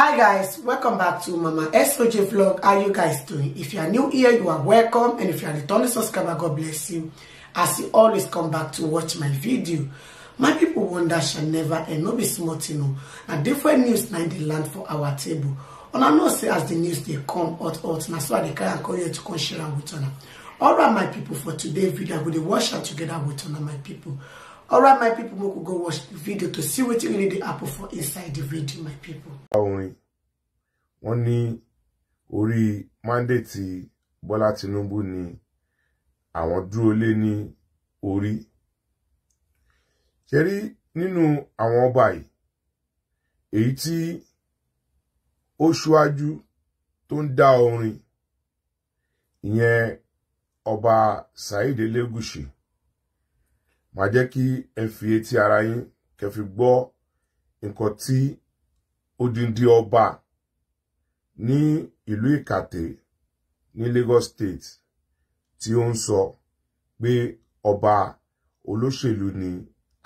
hi guys welcome back to mama soj vlog how you guys doing if you are new here you are welcome and if you are returning subscriber god bless you as you always come back to watch my video my people wonder shall never and no be small thing o na different news na dey land for our table una know say as the news they come out out. Now so i dey carry am come here to come share am with una all right my people for today video we go dey watch am together with una my people Alright, my people we could go watch the video to see what you really dey apple for inside the video my people. orin wọn ní orí mandate Bọ́lá Tinubu ni àwọn dúró lé ní orí ṣe rí nínú àwọn ọba yìí èyí tí ó ṣíwájú tó ń orin ìyẹn ọba Saheed màá jẹ́ kí ẹ fi etí ara yín kẹ́ fi gbọ́ nǹkan tí odindi ọba ní ìlú Ìkàtè ní Lagos State tí ó ń sọ pé ọba olóṣèlú ni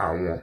àwọn.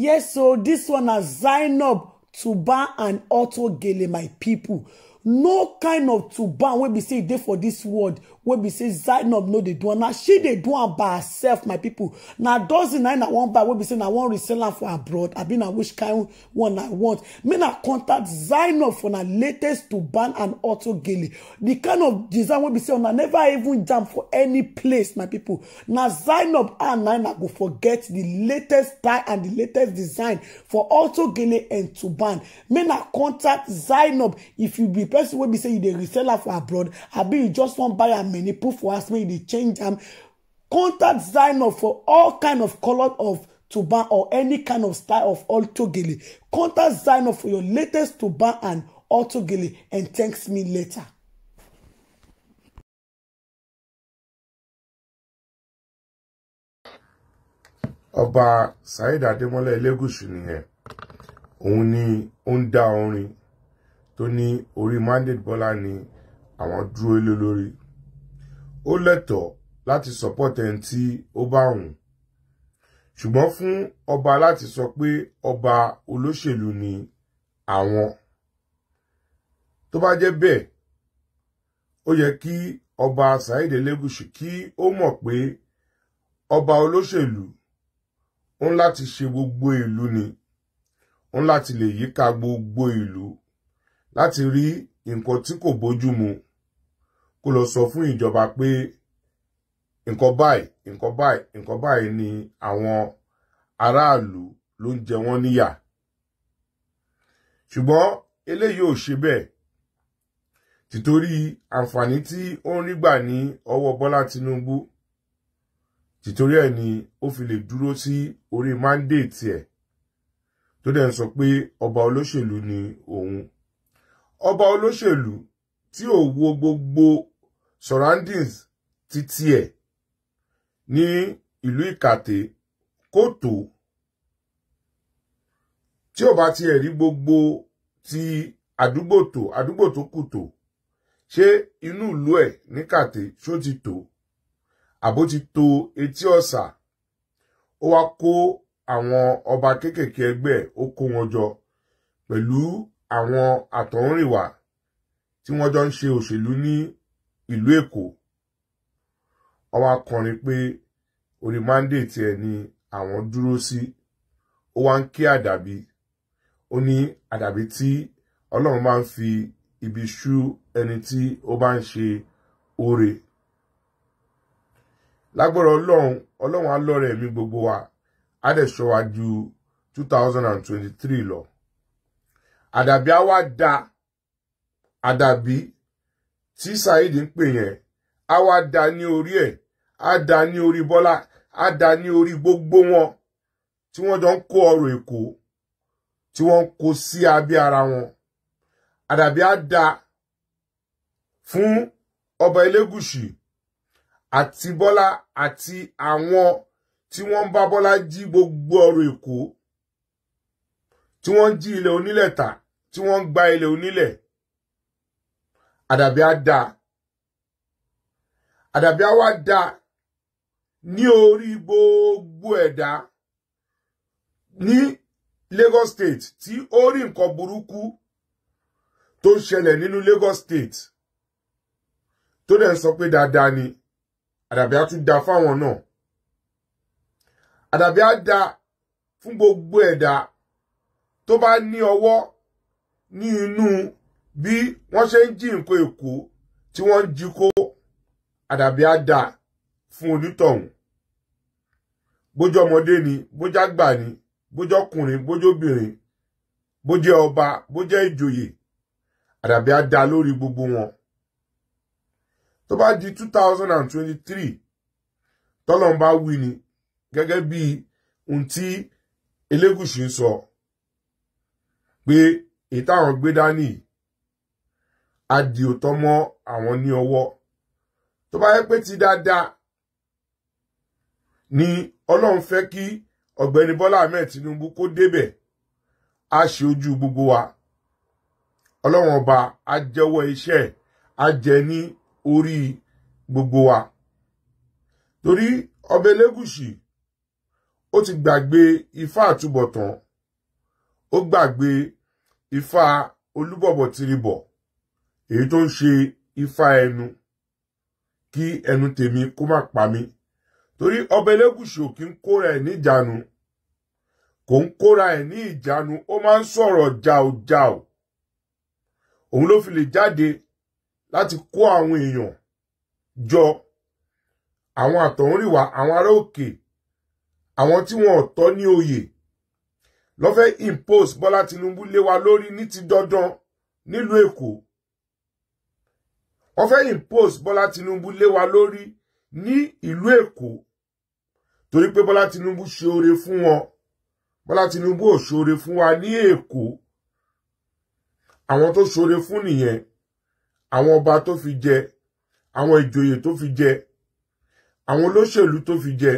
Yes, so this one are Zainab, Tuba, and Otto Gele, my people no kind of tuban wey be say e dey for dis world wey be say zainab no dey do am na she dey do am by herself my pipo na dozen nine i wan buy wey be say na wan resell am for abroad i bin na which kind one i want make na contact zainab for na latest tuban and auto gele The kind of design wey be say una never even jam for any place my pipo na zainab and nina go forget the latest style and the latest design for auto gele and tuban make na contact zainab if you be person wey be say you dey resell am for abroad abi you just wan buy am many put for house make you dey change am contact zainab for all kind of color of turban or any kind of style of altogele contact zainab for your latest turban and altogele and thanks me later. ọba saheed adémọlá elégùsù nìyẹn òun ni ó ń dá orin tó ní orí mandate Bọ́lá ni àwọn dúró lé lórí ó lẹ́tọ̀ọ́ láti support ẹni tí ó bá wùn ṣùgbọ́n fún ọba láti sọ pé ọba olóṣèlú ni àwọn tó bá jẹ́ bẹ́ẹ̀ ó yẹ kí ọba Saheed Elébùṣì kí ó mọ̀ pé ọba olóṣèlú ń láti ṣe gbogbo ìlú ni ń láti lè yíká gbogbo ìlú láti rí nǹkan tí kò bójú mu kó lọ sọ fún ìjọba pé nǹkan báyìí nǹkan báyìí nǹkan báyìí ni àwọn aráàlú ló ń jẹ wọ́n níyà ṣùgbọ́n eléyìí ò ṣe bẹ́ẹ̀ tìtorí àǹfààní tí ó ń rí gbà ní ọwọ́ Bọ́lá Tinubu tìtorí ẹ̀ ni ó fi lè dúró sí orí mándéètì ẹ̀ tó dẹ̀ ń sọ pé ọba olóṣèlú ni òun ọba olóṣèlú tí ò wo gbogbo surroundings ti tiẹ̀ ní ìlú ìkàtẹ kò tó tí ò bá tiẹ̀ rí gbogbo ti àdúgbò tó àdúgbò tó kù tó ṣé inú ìlú ẹ̀ ní kàtẹ ṣó ti tó àbó ti tó etí ọ̀sà ó wá kó àwọn ọba kéékèèké ẹgbẹ́ ó kó wọn jọ pẹ̀lú àwọn àtọ̀húnrìnwá tí wọ́n jọ ń ṣe òṣèlú ní ìlú Èkó wọ́n wá pé orí mandate ẹ̀ ni àwọn dúró sí ó wá ń kí àdàbí ó ní àdàbí tí Ọlọ́run máa ń fi ibi ṣú ẹni tí ó bá ń ṣe oore lágbára Ọlọ́run Ọlọ́run á lọ́rẹ̀ mi gbogbo wa á dẹ̀ ṣọ́ wa ju 2023 lọ àdàbí á wá da àdàbí tí saheed ń pè yẹn á wá da ní orí ẹ̀ á da ní orí bọ́lá á da ní orí gbogbo wọn tí wọ́n jọ ń kó ọrọ̀ èkó tí wọ́n ń kó sí abẹ́ ara wọn àdàbí á da fún ọba elégùsì àti bọ́lá àti àwọn tí wọ́n bá bọ́lá jí gbogbo ọrọ̀ èkó tí wọ́n ń jí ilẹ̀ onílẹ̀ tà tí wọ́n ń gba ilẹ̀ onílẹ̀ àdàbí á da àdàbí á wá da ní orí gbogbo ẹ̀dá ní Lagos State tí ó rí nǹkan burúkú tó ń ṣẹlẹ̀ nínú Lagos State tó dẹ̀ ń sọ pé dáadáa ni àdàbí á tún da fáwọn náà àdàbí á da fún gbogbo ẹ̀dá tó bá ní ọwọ́ ní inú bí wọ́n ṣe ń jí nǹkan èkó tí wọ́n ń jí kó àdàbí àdà fún onítọ̀hún bójú ọmọdé ni bójú àgbà ni bójú ọkùnrin bójú obìnrin bójú ọba bójú ìjòyè àdàbí àdà lórí gbogbo wọn tó bá di two thousand and twenty-three tọ́lọ́n bá wí ni gẹ́gẹ́ bí ohun tí Elégùṣì ń sọ. So pé èyí táwọn gbé dání á di òótọ́ mọ́ àwọn ní ọwọ́ tó bá yẹ pé ti dáadáa ni ọlọ́run fẹ́ kí ọ̀gbẹ́ni Bọ́lá Ahmed Tinubu kó débẹ̀ á ṣe ojú gbogbo wa ọlọ́run ọba á jẹ́wọ́ iṣẹ́ á jẹ ní orí gbogbo wa torí ọba Elégùṣì ó ti gbàgbé ifá àtúbọ̀tán ó gbàgbé ifá olúbọ̀bọ̀ tiribọ̀ èyí tó ń ṣe ifá ẹnu kí ẹnu tèmi kó má pa mí torí ọba elégùṣù kì í kóra ẹ̀ níjànú kò ń kóra ẹ̀ ní ìjánu ó máa ń sọ̀rọ̀ jàùjàù òun ló fi lè jáde láti kó àwọn èèyàn jọ àwọn àtọ̀húnrìnwá àwọn ará òkè àwọn tí wọn ò tọ́ ní oyè ló fẹ́ impose Bọ́lá Tinubu lé wa lórí ní ti dandan nílùú Èkó wọ́n fẹ́ impose Bọ́lá Tinubu lé wa lórí ní ìlú Èkó torí pé Bọ́lá Tinubu ṣe oore fún wọn Bọ́lá Tinubu ò ṣoore fún wa ní Èkó àwọn tó ṣoore fún nìyẹn àwọn ọba tó fi jẹ àwọn ìjòyè tó fi jẹ àwọn olóṣèlú tó fi jẹ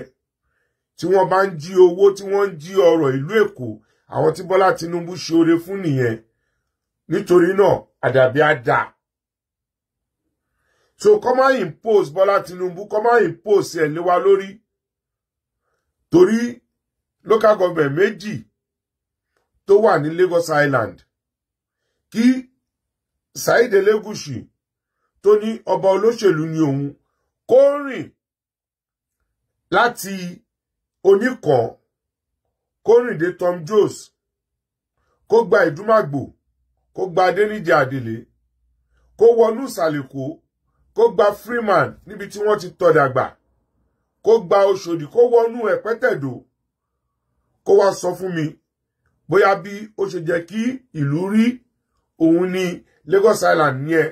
tí wọ́n bá ń jí owó tí wọ́n ń jí ọrọ̀ ìlú Èkó àwọn tí Bọ́lá Tinubu ṣoore fún nìyẹn nítorí náà àdàbí á so kọ́má impose Bọ́lá Tinubu kọ́má impose ẹ̀ lé wa lórí torí local government méjì tó wà ní Lagos Island kí Saheed Elegushi tó ní ọba olóṣèlú ni òun kó rìn láti oníkan kórìndé Tom Jones kó gba ìdúmàgbò kó gba adéníjẹ àdèlé kó wọnú ìsàlẹ̀kó kó gba Freeman níbi tí wọ́n ti tọ́ dàgbà kó gba Òṣòdì kó wọnú ẹ̀pẹ́tẹ̀dó kó wá sọ fún mi bóyá bí ó ṣe jẹ́ kí ìlú rí òun ní Lagos Island yẹn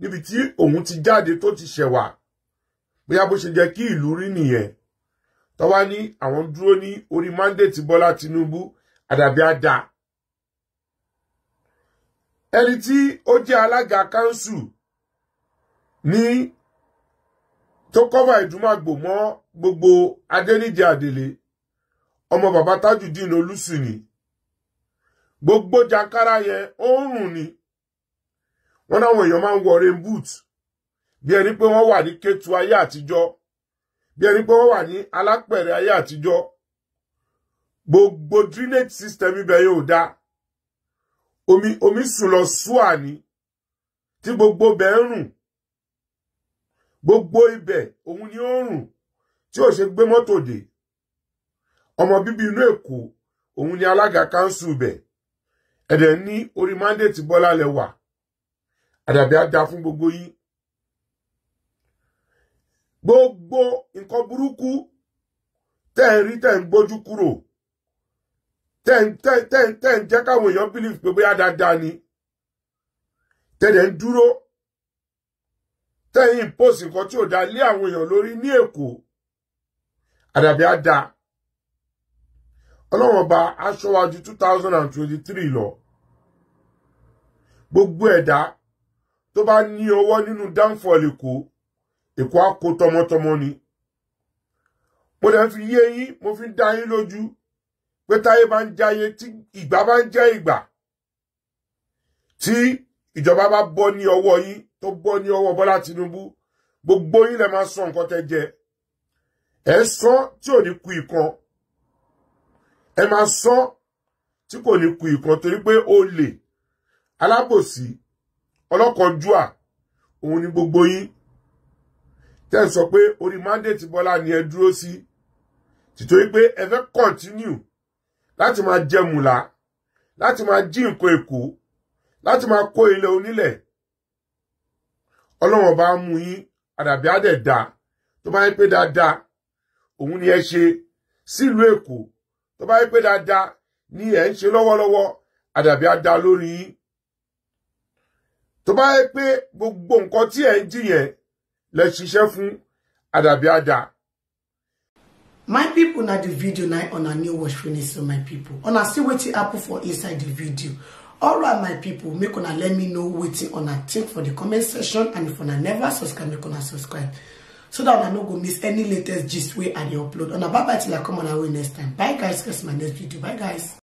níbi tí òun ti jáde tó ti ṣẹ̀wà bóyá bó ṣe jẹ́ kí ìlú rí nìyẹn tó bá ní àwọn dúró ní orí mandate Bọ́lá Tinubu àdàbí àdá ẹni tí ó jẹ́ alága kanṣu ní tó kọ́fà Ìdúmàgbò mọ́ gbogbo Adéníjì Àdèlé ọmọ bàbá Tajudeen Olùsì ni gbogbo jankara yẹn ó ń rùn ni wọ́n náwọn èèyàn máa ń wọ rain boot bí ẹni pé wọ́n wà ní kétu ayé àtijọ́ bí ẹni pé wọ́n wà ní alápẹ̀rẹ̀ ayé àtijọ́ gbogbo drainage system ibẹ̀ yóò da omi omi sùn lọ súà ní tí gbogbo ibẹ̀ ń rùn gbogbo ibẹ̀ òun ni ó rùn tí ò ṣe gbé mọ́tò dé ọmọ bíbí inú Èkó òun ni alága kanṣu ibẹ̀ ẹ̀dẹ̀ ní orí mandate Bọ́lá lẹ́wà àdàbí á fún gbogbo yín gbogbo nǹkan burúkú tẹ́ ń rí tẹ́ ń gbójú kúrò tẹ́ ń tẹ́ ń tẹ́ ń tẹ́ káwọn èèyàn bílíf pé bóyá dáadáa ni tẹ́lẹ̀ ń dúró tẹ́yìn pósì nǹkan tí ò dáa lé àwọn èèyàn lórí ní Èkó àdàbí á dáa ọlọ́wọ́n ba aṣọ́wájú two thousand and twenty-three lọ gbogbo ẹ̀dá tó bá ní ọwọ́ nínú downfall Èkó Èkó á kó tomo ni mo dẹ̀ fi yé yín mo fi ń dá yín lójú pé táyé bá ń jáyé tí ìgbà bá ń jẹ́ ìgbà tí ìjọba bá bọ́ ní ọwọ́ yín tó bọ́ ní ọwọ́ Bọ́lá Tinubu gbogbo yín lè máa sọ nǹkan tẹ jẹ ẹ sọ tí ò ní ku ìkan ẹ máa sọ tí kò ní ku ìkan torí pé olè alábòsí ọlọ́kọ̀ọ́júà òun ni gbogbo yín tẹ́ ẹ̀ sọ pé orí mandate Bọ́lá ni ẹ dúró sí tìtorí pé ẹ fẹ́ continue láti máa jẹ mùlá láti máa jí nǹkan èkó láti máa kó ilẹ̀ onílẹ̀ ọlọ́wọ́n bá mú yín àdàbí àdẹ̀dá tó bá yẹ pé dáadáa òun ni ẹ ṣe sílùú èkó tó bá yẹ pé dáadáa ni ẹ ń ṣe lọ́wọ́lọ́wọ́ àdàbí àdá lórí yín tó bá yẹ pé gbogbo nǹkan tí ẹ ń jiyàn lẹ ṣiṣẹ́ fún àdàbíàdà. my people, na the video na a new watch finish so my people, on a see wetin happen for inside the video All right, my people, make una let me know on a think for the comment section and if una never subscribe make una subscribe so that una no go miss any latest gist wey i dey upload una bye bye till i come on our way next time bye guys catch my next video bye guys